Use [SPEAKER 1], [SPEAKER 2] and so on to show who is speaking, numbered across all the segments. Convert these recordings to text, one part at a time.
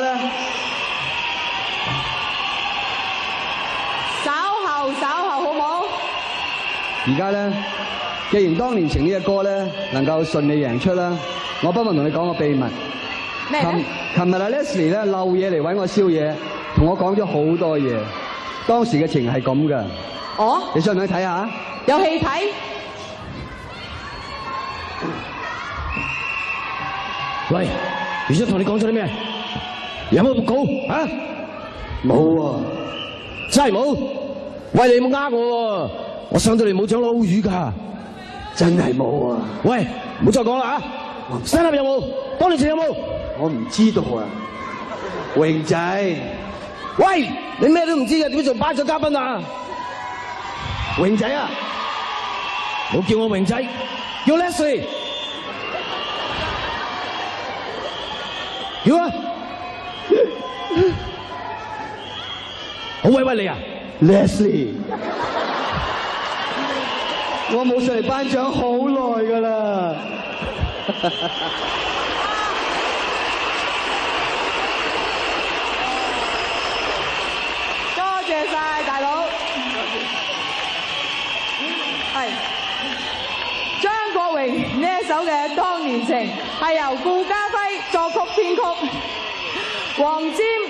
[SPEAKER 1] 咧，稍後稍後好唔好？而家咧，既然當年情呢隻歌咧能夠順利贏出啦，我不妨同你講個秘密。咩？
[SPEAKER 2] 琴琴日阿 Leslie 咧漏嘢嚟搵我宵夜，同我講咗好多嘢。當時嘅情係咁噶。
[SPEAKER 1] 哦。你
[SPEAKER 2] 想唔想睇下？有戲
[SPEAKER 1] 睇。喂，而家同你
[SPEAKER 3] 講咗啲咩？有冇咁高啊？冇啊，真係冇。喂，你冇呃我喎、啊，我信到你冇搶撈魚噶，真係冇啊！喂，唔好再講啦啊！新納有冇？當你前有冇？我唔
[SPEAKER 1] 知道啊。榮仔，
[SPEAKER 3] 喂，你咩都唔知嘅，點解仲班頒嘉賓啊？榮仔啊，冇叫我榮仔，叫 Leslie！
[SPEAKER 1] 叫啊！好委屈你啊，Leslie，我冇上嚟頒獎好耐噶啦，多謝晒大佬，係張國榮呢首嘅《當年情》係由顧嘉輝作曲編曲，黃霑。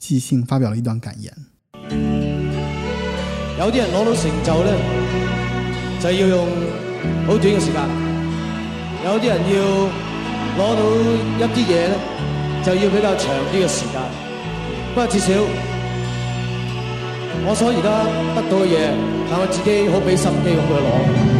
[SPEAKER 4] 即興發表了一段感言。
[SPEAKER 1] 有啲人攞到成就咧，就要用好短嘅時間；有啲人要攞到一啲嘢咧，就要比較長啲嘅時間。不過至少，我所而家得到嘅嘢，但我自己好畀心機咁去攞。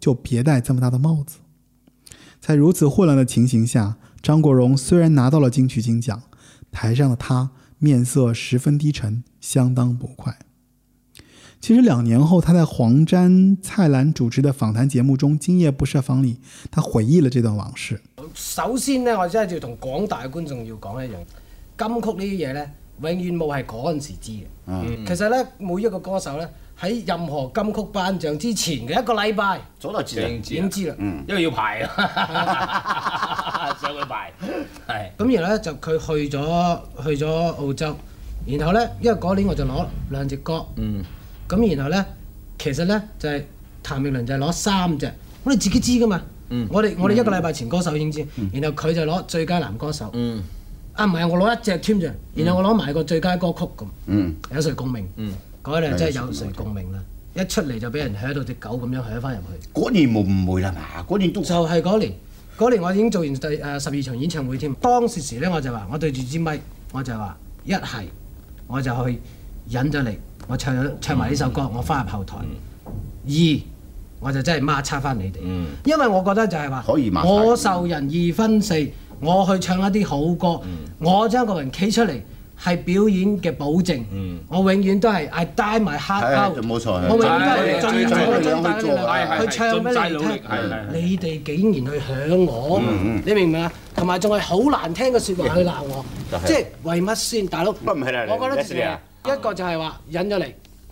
[SPEAKER 4] 就別戴這麼大的帽子。在如此混亂的情形下，張國榮雖然拿到了金曲金獎，台上的他面色十分低沉，相當不快。其實兩年後，他在黃霑、蔡瀾主持的訪談節目中，《今夜不設防》裡，他回憶了這段往事。
[SPEAKER 3] 首先呢，我真係要同廣大觀眾要講一樣，金曲呢啲嘢呢，永遠冇係嗰陣時知嘅。嗯。其實呢，每一個歌手呢。喺任何金曲頒獎之前嘅一個禮拜，早就知啦，已經知啦？嗯，因為要排啊，上 去 要排，係。 咁然後咧就佢去咗去咗澳洲，然後咧因為嗰年我就攞兩隻歌，嗯，咁然後咧其實咧就係、是、譚詠麟就攞三隻，我哋自己知噶嘛，嗯、我哋我哋一個禮拜前歌手已經知，嗯、然後佢就攞最佳男歌手，嗯，啊唔係我攞一隻添咋，然後我攞埋個最佳歌曲咁、嗯，嗯，有誰共鳴，嗯。嗰年真係有誰共鳴啦！一出嚟就俾人喺度隻狗咁樣喺翻入去。嗰年冇誤會啦嘛，嗰年都就係、是、嗰年，嗰年我已經做完第誒十二場演唱會添。當時時咧我就話，我對住支咪，我就話一係我就去引咗嚟，我唱唱埋呢首歌，嗯、我翻入後台。嗯、二我就真係抹擦翻你哋、嗯，因為我覺得就係話我受人二分四，我去唱一啲好歌，嗯、我將一個人企出嚟。係表演嘅保證、嗯，我永遠都係，I die my heart out。冇錯，我永遠都係我做去唱俾你聽，你哋竟然去響我，你明唔明啊？同埋仲係好難聽嘅説話去鬧我，即係、就是就是、為乜先？大佬，我覺得就係一個就係話忍咗嚟，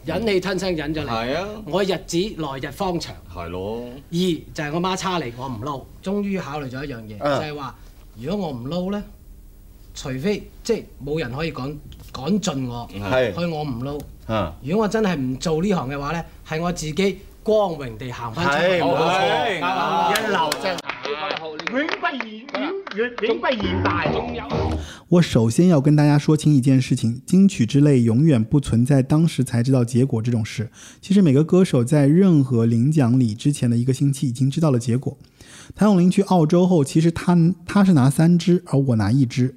[SPEAKER 3] 忍氣吞聲忍咗嚟。係啊，我日子來日方長。係咯。二就係我媽叉嚟，我唔撈，終於考慮咗一樣嘢、啊，就係、是、話如果我唔撈咧。除非即係冇人可以趕趕盡我，所以我唔撈、啊。如果我真係唔做呢行嘅話咧，係我自己光榮地行返出去。係冇錯，
[SPEAKER 5] 一流真
[SPEAKER 4] 係、啊嗯嗯，我首先要跟大家說清一件事情：金曲之類永遠不存在當時才知道結果這種事。其實每個歌手在任何領獎禮之前嘅一個星期已經知道了結果。譚詠麟去澳洲後，其實他他是拿三支，而我拿一支。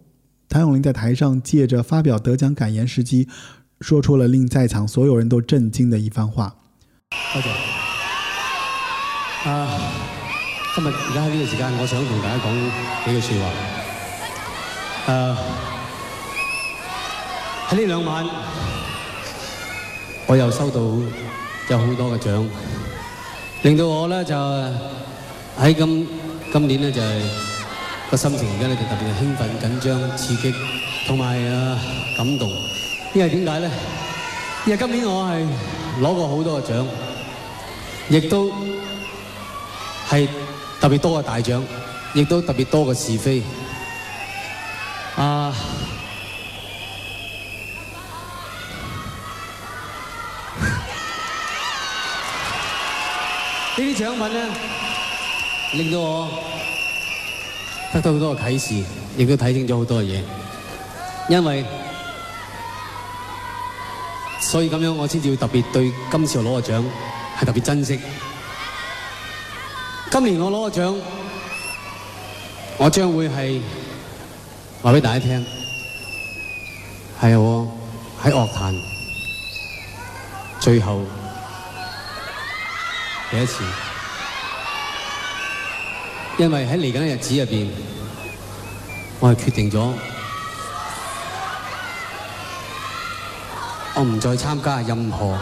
[SPEAKER 4] 譚詠麟在台上借着發表得獎感言時機，說出了令在場所有人都震驚的一番話。
[SPEAKER 5] 多謝啊，
[SPEAKER 2] 今日而家喺呢個時間，我想同大家講幾句說話。啊，喺呢兩晚，我又收到有好多嘅獎，令到我咧就喺今今年咧就係、是。個心情而家咧就特別係興奮、緊張、刺激，同埋啊感動。因為點解咧？因為今年我係攞過好多嘅獎，亦都係特別多嘅大獎，亦都特別多嘅是非。啊！呢啲獎品咧，令到我～得到好多嘅啟示，亦都睇清楚好多嘢，因為，所以咁樣我先至會特別對今次攞個獎，係特別珍惜。今年我攞個獎，我將會係話俾大家聽，係我喺樂壇，最後第一次。因為喺嚟緊嘅日子入邊，我係決定咗，我唔再參加任何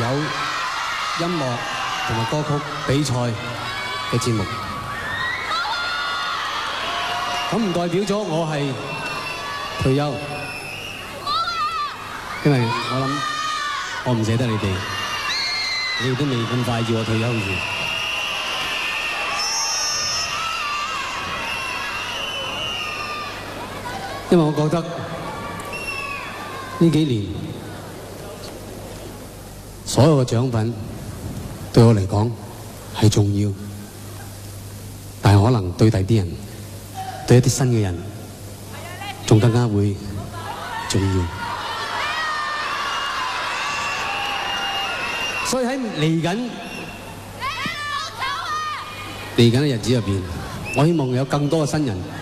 [SPEAKER 2] 有音樂同埋歌曲比賽嘅節目。咁唔代表咗我係退休，因為我諗我唔捨得你哋，你哋都未咁快要我退休住。因為我覺得呢幾年所有嘅獎品對我嚟講係重要，但係可能對第啲人、對一啲新嘅人，仲更加會重要。所以喺嚟緊嚟緊嘅日子入邊，我希望有更多嘅新人。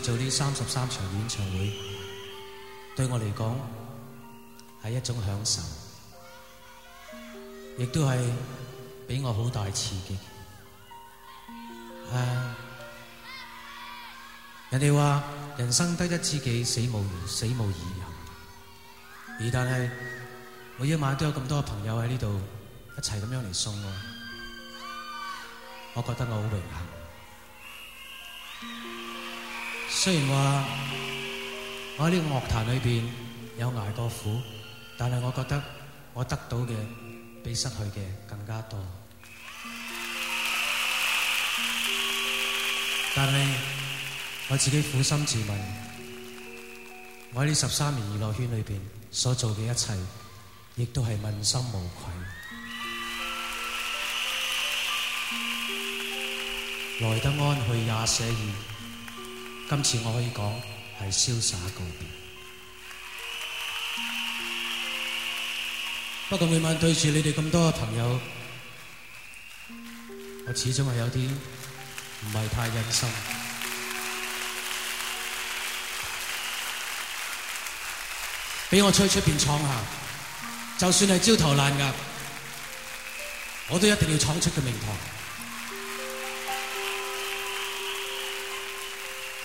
[SPEAKER 3] 次做呢三十三場演唱會，對我嚟
[SPEAKER 6] 講係一種享受，亦都係俾我好大刺激。唉，人哋話人生得一知己，死無死無遺憾。而但係每一晚都有咁多朋友喺呢度一齊咁樣嚟送我，我覺得我好榮幸。雖然話我喺呢個樂壇裏面有捱過苦，但係我覺得我得到嘅比失去嘅更加多。但係我自己苦心自問，我喺呢十三年娛樂圈裏面所做嘅一切，亦都係問心無愧。來得安，去也寫意。今次我可以講係瀟灑告別，
[SPEAKER 3] 不過每晚對住你哋咁多嘅朋友，我始終係有啲唔係太忍心，俾我出去外邊闖下，就算係焦頭爛額，我都一定要闖出個名堂。